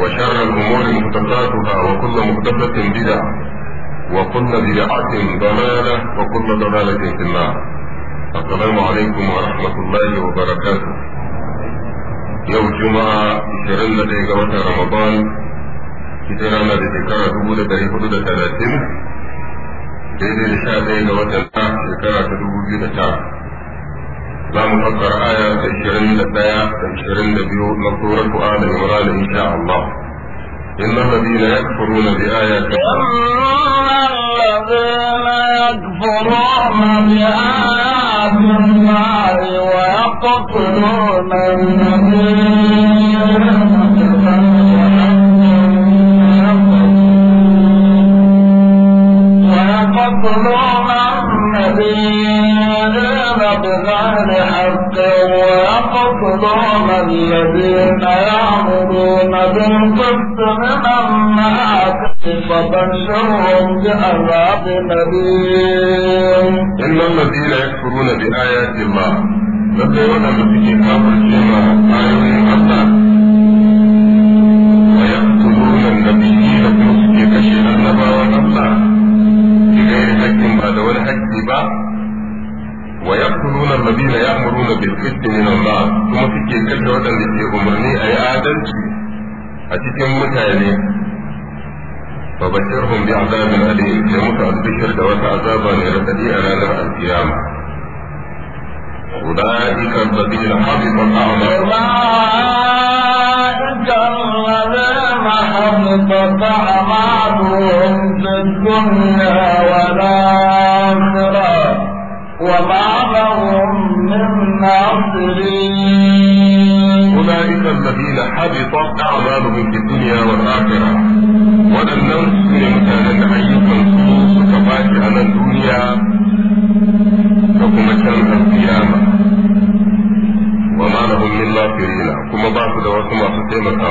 وشر الأمور مختلفاتها وكل مختلفة بدعة وكل بدعة ضلالة وكل ضلالة في النار السلام عليكم ورحمة الله وبركاته يوم الجمعة شرنا لديك رمضان كترانا لديك رسولة دي حدود ثلاثين دي دي لشاء دي لوتن تاك شكرا زام فكر آية تشرين لبيع تشرين لبيوء لصورة قؤال المرال إن شاء الله إن الذين يكفرون بآية إن الذين يكفرون بآيات الله ويقتلون النبيين ويقتلون النبيين بمعنى حقا ويقتضون الذين يعمرون بالقسط من الناس فبشرهم بعذاب أليم إن الذين يكفرون بآيات الله لكن وانا بسكي كافر كما آيوه الله kristinin ba kuma suke kashe waɗanda ke umarni a yi adalci a cikin mutane ba bashir azabin alim sai muka albishir da wata azaba mai rasadi a ranar alkiyama أولئك الذين حفظت أعمالهم أولئك الذين حفظت أعمالهم في الدنيا والآخرة وما لهم الناصرين أولئك الذين حبطت أعمالهم في الدنيا والآخرة waɗannan su ne mutanen da ayyukansu suka bashi a nan duniya da kuma can alkiyama wa ma lahum kuma ba su da wasu masu taimaka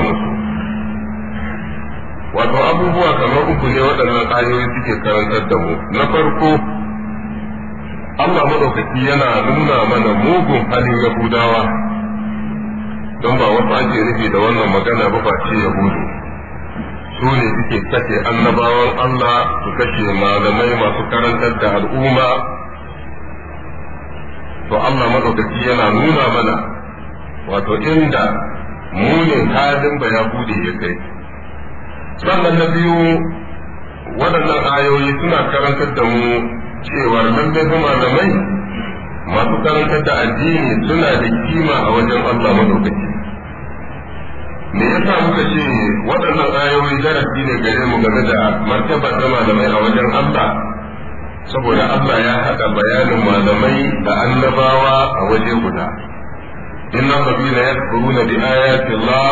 wato abubuwa kamar uku ne waɗannan ayoyi suke karantar da mu na farko Allah madaukaki yana nuna mana mugun halin Yahudawa don ba wasu ake rufe da wannan magana ba ce Yahudu su ne suke kashe annabawan Allah su kashe malamai masu karantar da al'umma to Allah madaukaki yana nuna mana wato inda munin halin ba Yahudu ya kai sannan na biyu waɗannan ayoyi suna karantar da mu cewar kuma da mai, masu karanta da addini suna da kima a wajen Allah madaukaki me yasa muka ce waɗannan ayoyi darasi ne gare mu game da martaba da malamai a wajen Allah saboda Allah ya haɗa bayanin malamai da annabawa a waje guda ayati الذين wa بآيات الله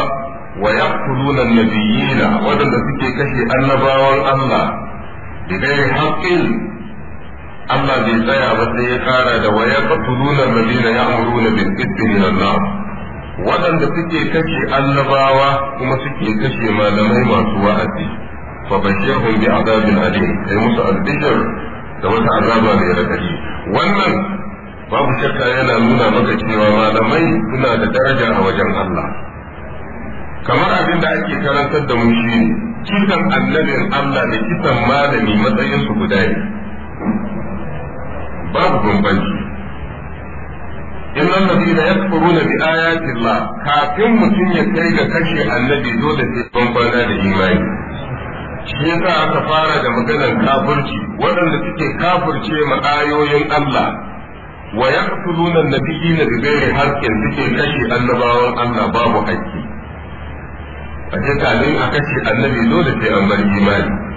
ويقتلون النبيين suke kashe annabawan Allah? bi ghairi haqqin Allah bai tsaya ba sai ya kara da waya fatuluna madina ya amuruna na qisti min Allah waɗanda suke kashe annabawa kuma suke kashe malamai masu wa'azi fa bashirhum bi azabin alim kai musu albishir da wata azaba mai radadi wannan babu shakka yana nuna maka cewa malamai suna da daraja a wajen Allah kamar abin da ake karantar da mu shine kisan annabin Allah da kisan malami matsayin su guda ne babu bambanci innan ladina yakfuruna bi ayati Allah kafin mutum ya kai ga kashe annabi dole ke bambana da imani shi yasa aka fara da maganar kafirci waɗanda suke kafirce ma ayoyin Allah wa yaqtuluna an-nabiyina bi ghairi haqqin suke kashe annabawan Allah babu hakki a ce kafin a kashe annabi dole sai an bar imani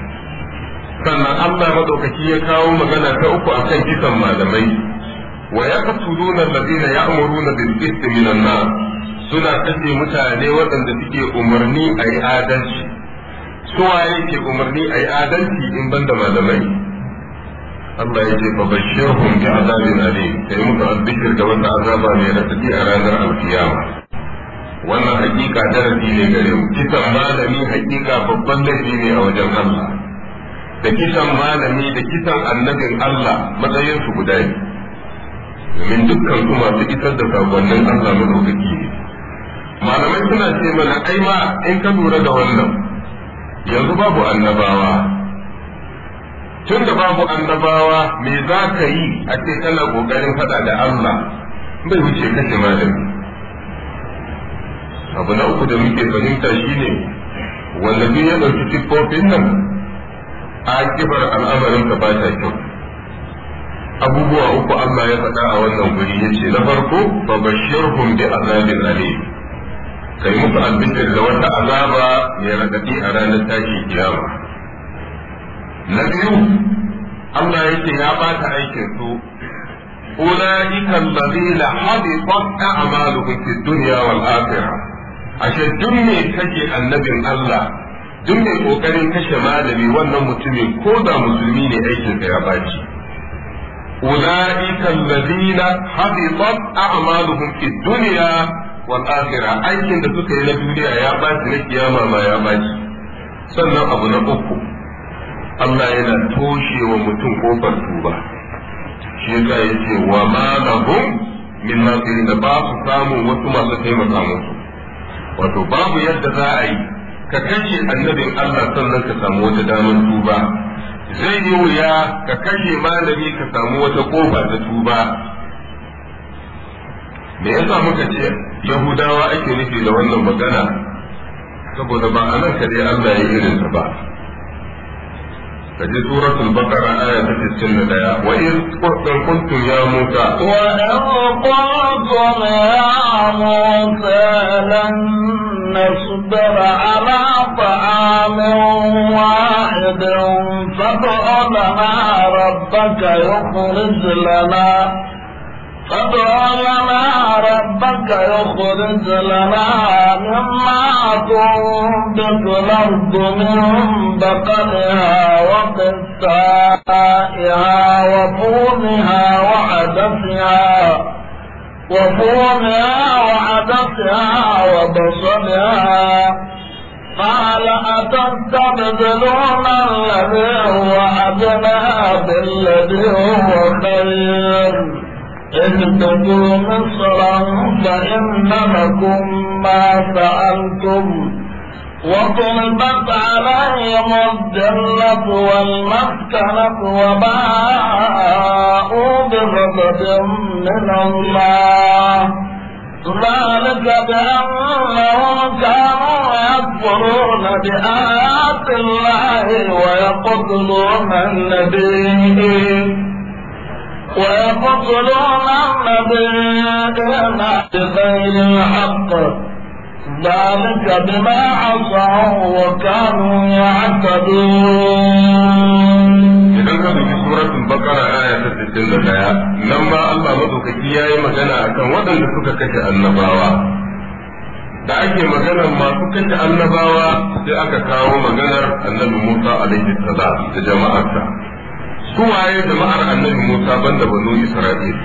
sannan Allah madaukaki ya kawo magana ta uku akan kisan malamai wa ya kasu nuna yaqtuluna ya ya'muruna na qisti minan na? suna kashe mutane waɗanda suke umarni a yi adalci suwa ke umarni a yi adalci in ban da malamai Allah ya ce fa bashirhum bi azabin alim sai muka albishir da wata azaba ne da take a ranar alkiyama wannan hakika darasi ne gare mu kisan malami hakika babban laifi ne a wajen Allah da kisan malami da kisan annabin Allah matsayin su guda ne domin dukkan su masu isar da sakonnin Allah madaukaki ne malamai suna ce mana kai ma in ka lura da wannan yanzu babu annabawa tun da babu annabawa me za ka yi a ce kana kokarin faɗa da Allah bai wuce kashe malami abu na uku da muke fahimta shine wanda duk ya ɗauki siffofin nan akibar al'amarin ka ba ta kyau abubuwa uku Allah ya faɗa a wannan guri ce na farko ba bashirhum bi azabin alim kai musu albishir da wata azaba ya ragaɗi a ranar tashi kiyama na biyu Allah ya ce ya bata aikin su أولئك الذين حبطت أعمالهم في الدنيا والآخرة عشان دمي kake annabin Allah. duk mai kokarin kashe malami wannan mutumin ko da musulmi ne aikin ya baci ulaika alladhina habitat a'maluhum fi dunya wal akhirah aikin da suka yi na duniya ya baci na kiyama ma ya baci sannan abu na uku Allah yana toshe wa mutum kofar tuba shi yasa yace wa ma min nasirin da ba su samu wasu masu taimaka musu wato babu yadda za a yi ka kashe annabin Allah sannan ka samu wata damar tuba zai yi wuya ka kashe malami ka samu wata kofa ta tuba me yasa muka ce yahudawa ake nufi da wannan magana saboda ba a nan kaɗai Allah ya irinsa ba فدي سورة البقرة آية لها وإذ قلتم يا موسى وإذ قلتم يا موسى لن نصبر على طعام واحد فادع لنا ربك يخرج لنا فادع ربك يخرج لنا مما تنبت الأرض من بقلها وقثائها وفومها وعدسها وفومها وعدسها وبصلها قال أتستبدلون الذي هو أدنى بالذي هو خير إن تدعوا مصرا فإن لكم ما فعلتم وضربت عليهم الذلة والمسكنة وباءوا بغضب من الله ذلك بأنهم كانوا يكفرون بآيات الله ويقتلون النبيين ويقتلون النبيين بغير الحق ذلك بما عصوا وكانوا يعتدون idan ka duki 61 nan ma Allah madaukaki yayi magana akan waɗanda suka kashe annabawa da ake magana masu kashe annabawa sai aka kawo maganar annabi Musa alaihi salam da jama'arsa su waye jama'ar annabi Musa banda banu Isra'il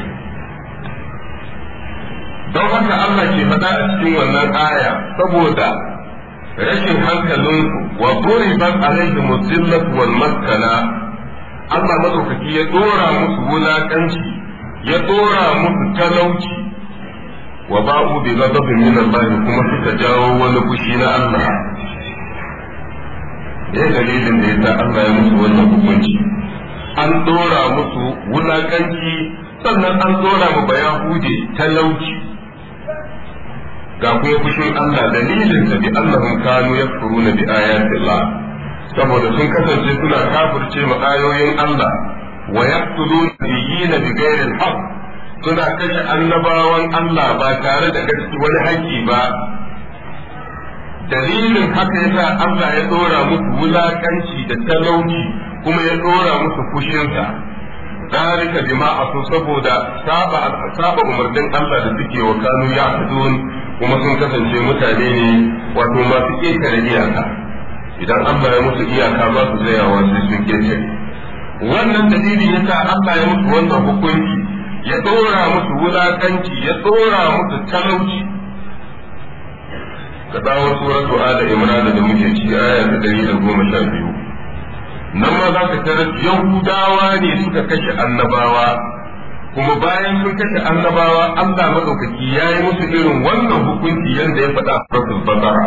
don haka Allah ke faɗa a cikin wannan aya saboda rashin hankalinku wa ban alaihi zillat wal maskana Allah madaukaki ya dora musu wulakanci ya dora musu talauci wa ba'u bi ghadabin min Allah kuma suka jawo wani fushi na Allah ya dalilin da yasa Allah ya musu wannan hukunci an dora musu wulakanci sannan an dora mu bayahude talauci ga kuma fushin Allah dalilin da bi mun kano ya furu na bi Allah saboda sun kasance suna kafirce mu ayoyin Allah wa yaqtuluna na bi ghairi al suna kashe annabawan Allah ba tare da gaske wani haƙƙi ba dalilin haka yasa Allah ya dora musu wulakanci da talauci kuma ya dora musu fushinsa dalika jima'a su saboda saba saba umarnin Allah da suke wa kanu ya kuma sun kasance mutane ne wato masu ƙetare iyaka idan an ya musu iyaka ba su tsayawa sai sun ƙetare wannan dalili sa Allah ya musu wannan hukunci ya dora musu wulakanci ya dora musu talauci ka dawo suratu ala imran da muke ci aya ta biyu. nan ma za ka tarar yahudawa ne suka kashe annabawa kuma bayan sun kashe annabawa Allah madaukaki ya yi musu irin wannan hukunci yadda ya faɗa rasul basara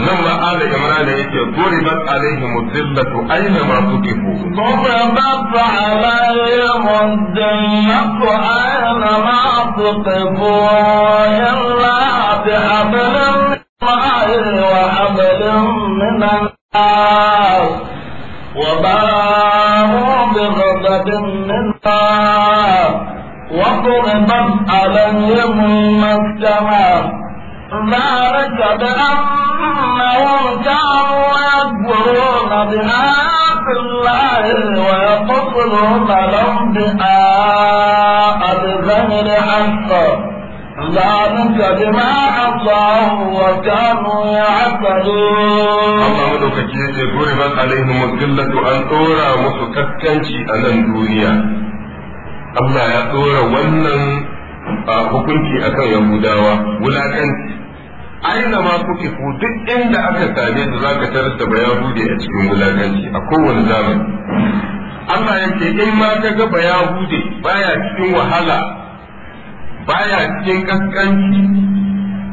annan ma ala imrana yake duribat alaihim dhillatu aina ma tuqifu duribat aina ma tuqifu illa bihablin min wa min وضربت عليهم المسكنة ذلك بأنهم كانوا يكفرون بآيات الله ويقتلون الأنبياء بغير حق ذلك بما عصوا وكانوا يعتدون الله مدوكك يجي ضربت عليهم الذلة أن تورى مسكتكنشي على الدنيا Allah ya dora wannan hukunci akan Yahudawa wulakanci aina ma kuke ku duk inda aka same su zaka tarar da bayahudi a cikin wulakanci a kowane zamani Allah ce in ma ka ga bayahudi baya cikin wahala baya cikin kaskanci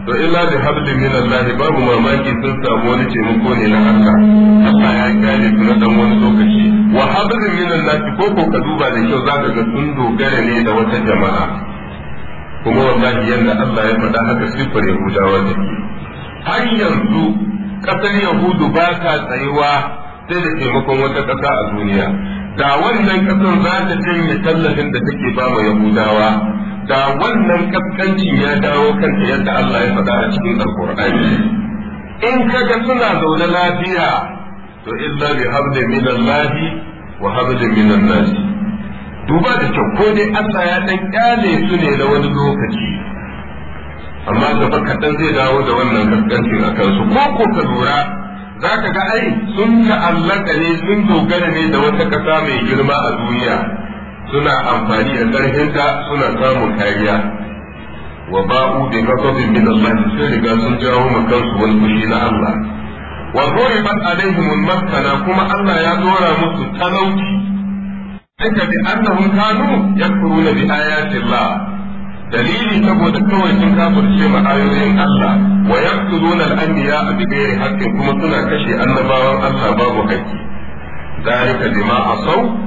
to illa bi hablin min babu mamaki sun samu wani taimako ne na Allah Allah ya kare su na dan wani lokaci wa hablin min ko ko ka duba da kyau zaka ga sun dogara ne da wata jama'a kuma wallahi yanda Allah ya faɗa haka sifar Yahudawa ne har yanzu kasar Yahudu ba ta tsayuwa sai da taimakon wata ƙasa a duniya da wannan ƙasar za ta janye tallafin da take ba wa Yahudawa da wannan kaskanci ya dawo kanta yadda Allah ya faɗa a cikin alkur'ani in kaga suna zaune lafiya to illa bi habli min Allah wa habli min nas duba da kyau ko dai Allah ya dan kyale su ne na wani lokaci amma gaba kaɗan zai dawo da wannan kaskancin a kansu ko ko ka lura za ka ga ai sun ta'allaka ne sun dogara ne da wata ƙasa mai girma a duniya suna amfani da ƙarfinta suna samun kariya wa ba'u bi ghadabin min Allah sai riga sun jawo kansu wani fushi na Allah wa duribat alaihim al-maskana kuma Allah ya dora musu talauci aka bi annahum kanu yakfuruna bi ayati Allah dalili saboda kawai sun kafirce ma ayoyin Allah wa yaqtuluna al-anbiya bi ghairi haqqin kuma suna kashe annabawan Allah babu haƙƙi ذلك بما عصوا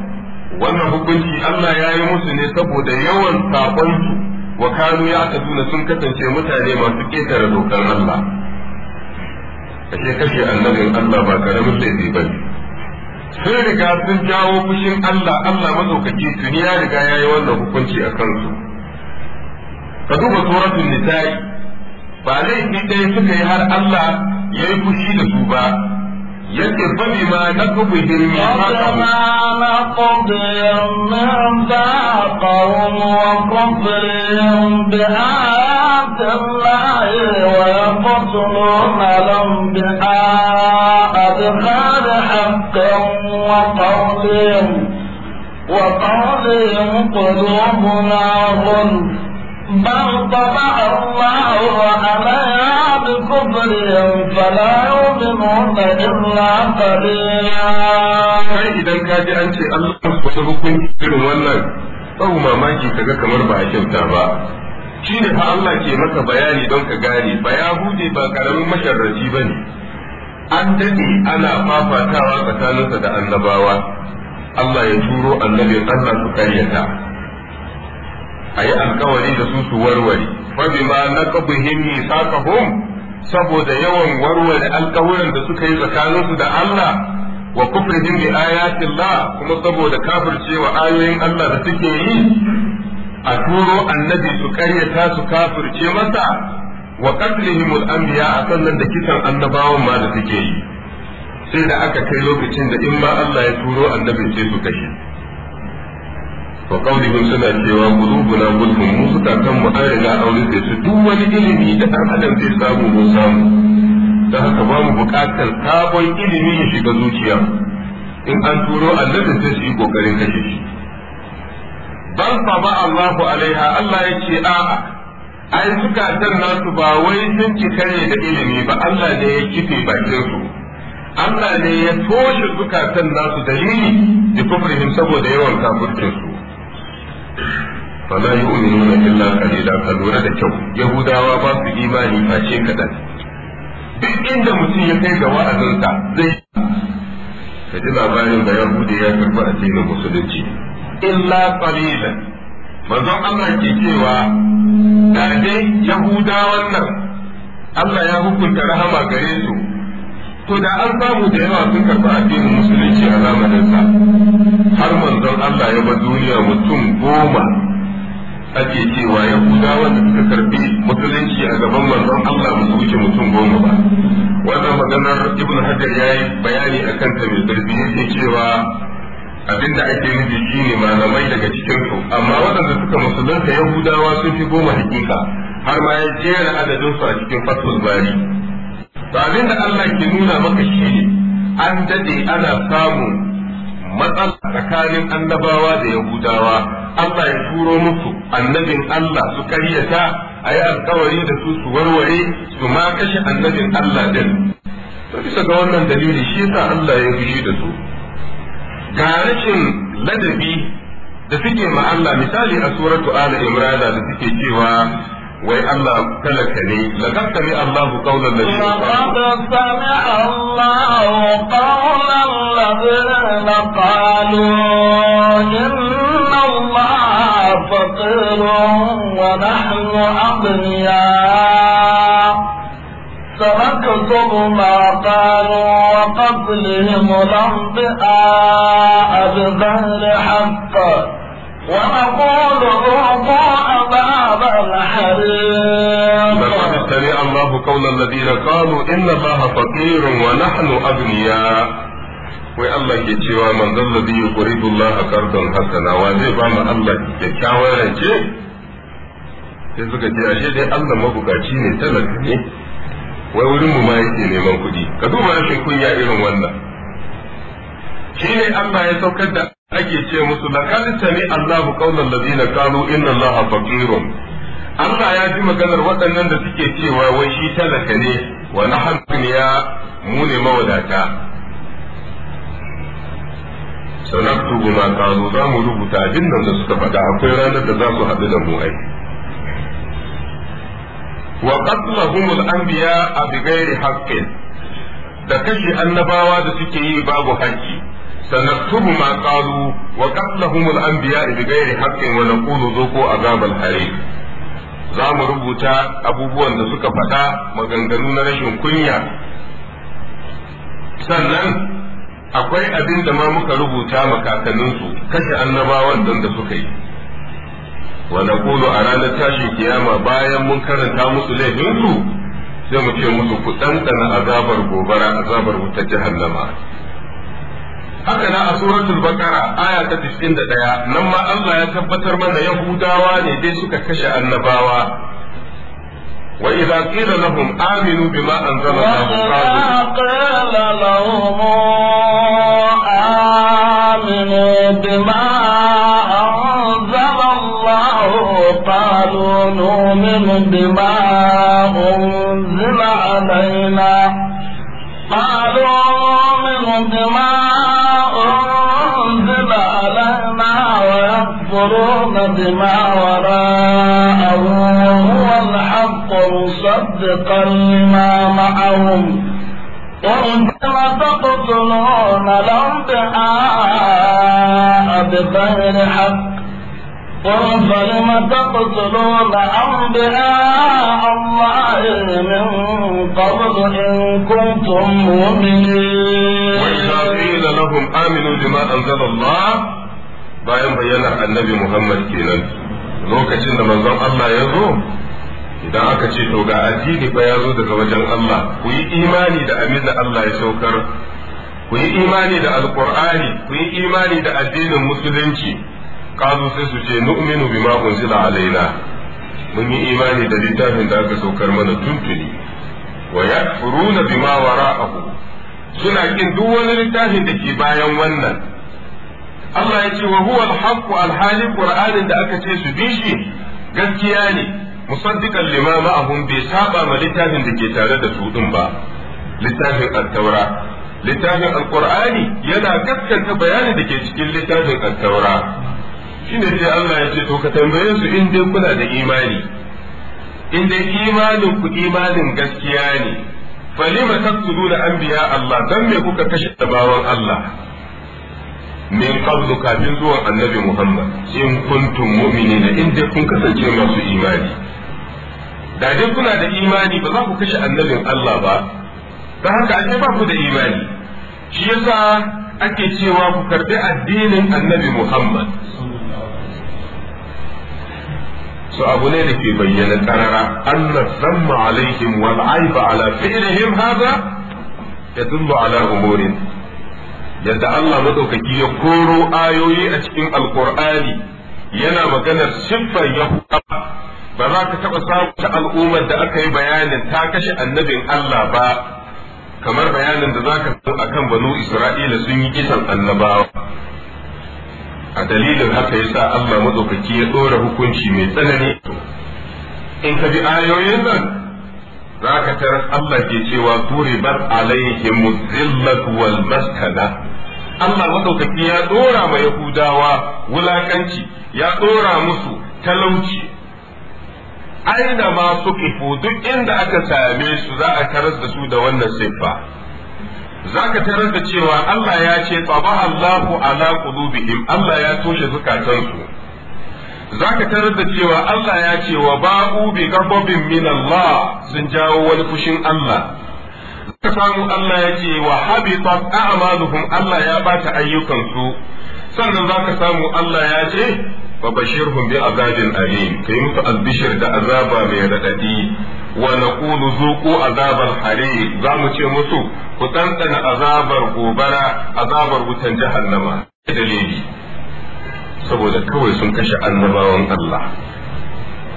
wannan hukunci Allah ya yi musu ne saboda yawan su wa kanu ya tuna sun kasance mutane masu ƙetare dokar Allah ashe kashe annabin Allah ba karamin laifi ba ne sun riga sun jawo fushin Allah Allah mazaukaki tuni ya riga ya yi wannan hukunci a kansu ka duba suratul nisa'i ba laifi ɗaya suka yi har Allah ya yi fushi da su ba yace fa bima naqbihim ma naqbihim ma taqawm wa qafrihim bi a allahi wa yaqtuluna lam وقولهم قلوبنا غلف بل طبع الله عليها بكفرهم فلا يؤمنون إلا قليلا kai idan ka ji an ce Allah wata hukunci irin wannan tsawo mamaki ga kamar ba a kyauta ba shi ne fa Allah ke maka bayani don ka gane ba ya hude ba karamin masharraci ba ne an daɗe ana fafatawa tsakaninsa da annabawa Allah ya turo annabin Allah su karyata ayi alkawari da su su warware fa bima naqbihim misaqahum saboda yawan warware alkawarin da suka yi tsakanin su da Allah wa kufrihim bi Allah kuma saboda kafircewa ayoyin Allah da suke yi a turo annabi su karyata su kafirce masa wa qatlihim al-anbiya a sannan da kisan annabawan ma da suke yi sai da aka kai lokacin da in ma Allah ya turo annabi sai su kashe wa qawlihim suna cewa qulubuna mulkun mu zukatan mu an riga aure da su duwani ilimi da dan adam zai samu mu samu dan haka ba mu bukatar sabon ilimi ya shiga zuciya in an turo annabi sai su yi kokarin kashe shi bal Allahu alaiha Allah yace a'a ai zukatan nasu ba wai sun cika ne da ilimi ba Allah ne ya kife bakin su Allah ne ya toshe zukatan nasu dalili da saboda yawan kafircin su fala yu'minuna illa qalila ka lura da kyau yahudawa ba su imani face kadan duk inda mutum ya kai ga wa'azinsa zai ka ji labarin da yahudi ya a addinin musulunci illa qalilan manzon Allah ke cewa da dai yahudawan nan Allah ya hukunta rahama gare su to da an samu da yawa sun karɓi addinin musulunci a zamaninsa har manzon Allah ya ba duniya mutum goma ake cewa Yahudawa wanda suka karbi musulunci a gaban manzon Allah ba su wuce mutum goma ba wannan maganar ibnu hajar ya yi bayani a kanta mai zarbi yake cewa abinda ake nufi shine malamai daga cikin su amma waɗanda suka musulunta yahudawa sun fi goma hakika har ma ya jera adadin su a cikin fatul bari Ba abin da Allah ke nuna maka shine an dade ana samu matsala tsakanin annabawa da yahudawa Allah ya turo musu annabin Allah su karyata a yi alkawari da su su warware su ma kashe annabin Allah din to bisa ga wannan dalili shi yasa Allah ya fushi da su ga rashin ladabi da suke ma Allah misali a suratu ala imrana da suke cewa wai Allah talaka ne laqad sami Allahu qawlan ladina laqad sami Allahu qawlan ladina qalu inna سنكتب ما قالوا وقتلهم ونقول ذوقوا عذاب الحريق لقد سمع الله قول الذين قالوا إن الله فقير ونحن أغنياء wai Allah ke cewa manzon da biyu quridullah qardan hasana wa zai ba mu rance sai suka ce ashe dai Allah mabukaci ne talaka ne wai wurin mu ma yake neman kuɗi ka duba rashin kunya irin wannan Shi ne Allah ya saukar da ake ce musu laqad sami Allahu qawlan ladina qalu inna Allaha faqirun Allah ya ji maganar waɗannan da suke cewa wai shi talaka ne wa nahnu ya mu ne mawadata sanaktubu ma qalu za mu rubuta abin da suka faɗa akwai ranar da za su haɗu da mu ai wa qatlahum al-anbiya bi ghairi haqqin da kashe annabawa da suke yi babu haƙƙi سنكتب ما قالوا وقتلهم الانبياء بغير حق ونقول ذوقوا عذاب الحريق za mu rubuta abubuwan da suka faɗa maganganu na rashin kunya sannan akwai abin da ma muka rubuta makakanninsu kashe annabawan don da suka yi wa naqulu a ranar tashin kiyama bayan mun karanta musu laifinsu sai mu ce musu ku ɗanɗana azabar gobara azabar wutar jahannama haka na a suratul bakara aya ta 91 nan ma Allah ya tabbatar mana yahudawa ne dai suka kashe annabawa wa idza qila lahum aminu bima anzala Allah qala lahum aminu bima anzala Allah qalu nu'minu bima unzila alaina قالوا من بما يكفرون بما وراءه وهو الحق مصدقا لما معهم وربما تقتلون الأنبياء بغير حق قل فلم تقتلون أنبياء الله من قبل إن كنتم مؤمنين وإذا قيل لهم آمنوا بما أنزل الله bayan bayyana annabi Muhammad kenan lokacin da manzon Allah ya zo idan aka ce to ga addini fa ya zo daga wajen Allah ku yi imani da abin da Allah ya saukar ku yi imani da alqur'ani ku yi imani da addinin musulunci kazu sai su ce nu'minu bima unzila alaina mun yi imani da littafin da aka saukar mana tuntuni wa yakfuruna bima wara'ahu suna kin duk wani littafin da ke bayan wannan Allah ya ce wa huwa al-haqqu al qur'anin da aka ce su bi shi gaskiya ne musaddiqan lima ma'ahum bai saba ma littafin da ke tare da su din ba littafin at-taura littafin al-qur'ani yana gaskanta bayanin da ke cikin littafin at-taura shine sai Allah ya ce to ka tambaye su in dai kuna da imani in dai imanin ku imanin gaskiya ne falima taqtuluna anbiya Allah dan me kuka kashe bawan Allah min qablu kafin zuwan annabi Muhammad in kuntum mu'minina in dai kun kasance masu imani da dai kuna da imani ba za ku kashe annabin Allah ba ta haka ake ba ku da imani shi yasa ake cewa ku karbi addinin annabi Muhammad su abu ne da ke bayyana karara Allah zamma alaihim wal aiba ala fi'lihim hadha yadullu ala umurin yadda Allah madaukaki ya koro ayoyi a cikin alkur'ani yana maganar siffar yahuda ba za ka taɓa samun ta al'ummar da aka yi bayanin ta kashe annabin Allah ba kamar bayanin da za ka san akan banu isra'ila sun yi kisan annabawa a dalilin haka yasa Allah madaukaki ya ɗora hukunci mai tsanani in ka bi ayoyin nan za ka tarar Allah ke cewa turibat alaihi muzillat wal maskada Allah madaukaki ya dora ma yahudawa wulakanci ya dora musu talauci aina ma suqifu duk inda aka same su za a tarar da su da wannan siffa za ka tarar da cewa Allah ya ce tsaba Allahu ala qulubihim Allah ya toshe zukatansu zaka tarar da cewa Allah ya ce wa ba'u bi ghadabin min Allah sun jawo wani fushin Allah ka samu Allah ya ce wa habitat a'maluhum Allah ya bata su sannan zaka samu Allah ya ce fa bashirhum bi azabin alim kai musu albishir da azaba mai radadi wa naqulu zuqu azabal harim za mu ce musu ku tsantsana azabar gobara azabar wutan jahannama dalili saboda kawai sun kashe annabawan Allah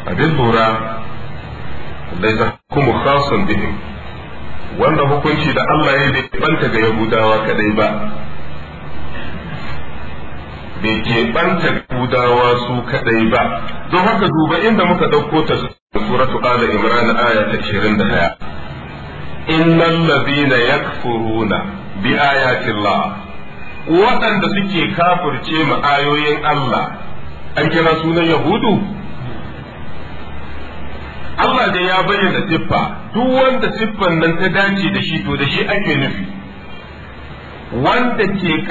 abin lura laisa hukumu khasun bihim wanda hukunci da Allah ya bai banta ga Yahudawa kadai ba bai ke banta Yahudawa su kadai ba don haka duba inda muka dauko ta suratu ala imran aya ta 21 innal ladina yakfuruna bi ayati Allah waɗanda suke kafirce mu ayoyin Allah an kira sunan yahudu Allah da ya bayyana siffa duk wanda siffan nan ta dace da shi to da shi ake nufi wanda ke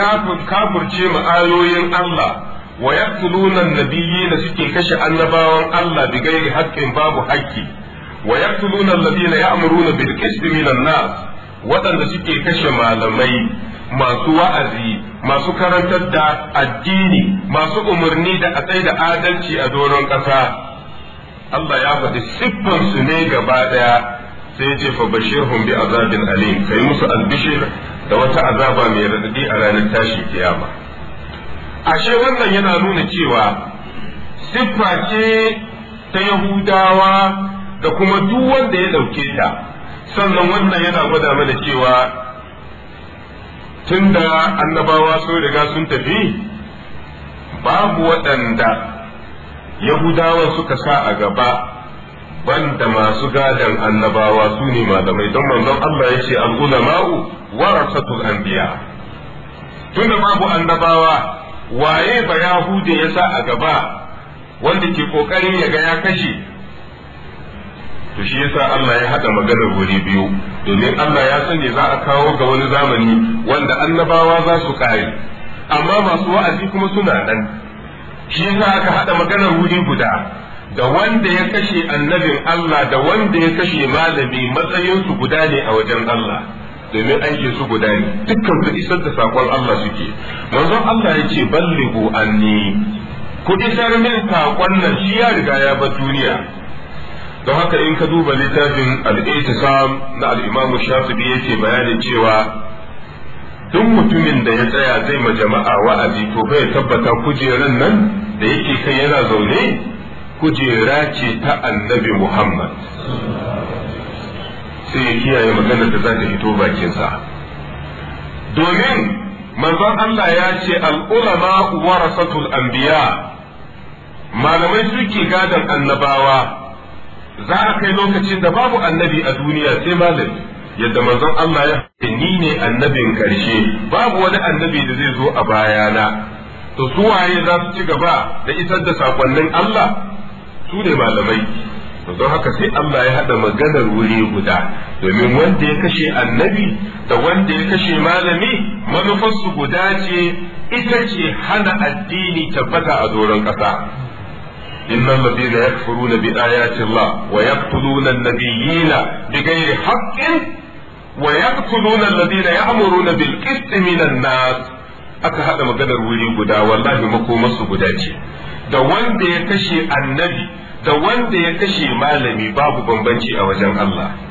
kafirce mu ayoyin Allah wa yaqtuluna nabiyina suke kashe annabawan Allah bi gairi haqqin babu haƙƙi wa yaqtuluna alladhina ya'muruna bil qisti minan nas waɗanda suke kashe malamai masu wa'azi masu karantar da addini masu umarni da a da adalci a doron ƙasa Allah ya faɗi siffar ne gaba ɗaya sai ce fa bashirhum bi azabin alim kai musu albishir da wata azaba mai radadi a ranar tashi kiyama ashe wannan yana nuna cewa siffa ce ta yahudawa da kuma duk wanda ya ɗauke ta sannan wannan yana gwada mana cewa Tun da annabawa sun riga sun tafi babu waɗanda yahudawa suka sa a gaba banda masu gadon annabawa su ne malamai don manzon Allah ya ce al'ulama'u warasatul anbiya da babu annabawa waye ba yahude ya sa a gaba wanda ke kokarin ya ga ya kashe to shi yasa Allah ya hada magana wuri biyu domin Allah ya sanya za a kawo ga wani zamani wanda annabawa za su kare amma masu wa'azi kuma suna nan shi yasa aka hada magana wuri guda da wanda ya kashe annabin Allah da wanda ya kashe malami su guda ne a wajen Allah domin aikin su guda ne dukkan su isar da sakon Allah suke manzon Allah ya ce ballighu anni ku isar min sakon nan shi ya riga ya ba duniya don haka in ka duba littafin al na al-imamu shafi'i yake bayanin cewa duk mutumin da ya tsaya zai ma jama'a wa'azi to ya tabbata kujeran nan da yake kai yana zaune kujera ce ta annabi muhammad sai ya kiyaye magana da za ta fito bakinsa domin manzon Allah ya ce al'ulama warasatul anbiya malamai suke gadon annabawa za a kai lokacin da babu annabi a duniya sai malami yadda manzon Allah ya ce ni ne annabin karshe babu wani annabi da zai zo a bayana to su waye za su ci gaba da isar da sakonnin Allah su ne malamai don haka sai Allah ya haɗa maganar wuri guda domin wanda ya kashe annabi da wanda ya kashe malami manufarsu guda ce ita ce hana addini tabbata a doron ƙasa إن الذين يكفرون بآيات الله ويقتلون النبيين بغير حق ويقتلون الذين يأمرون بالقسط من الناس aka haɗa maganar wuri guda wallahi makomarsu guda ce da wanda ya kashe annabi da wanda ya kashe malami babu bambanci a wajen Allah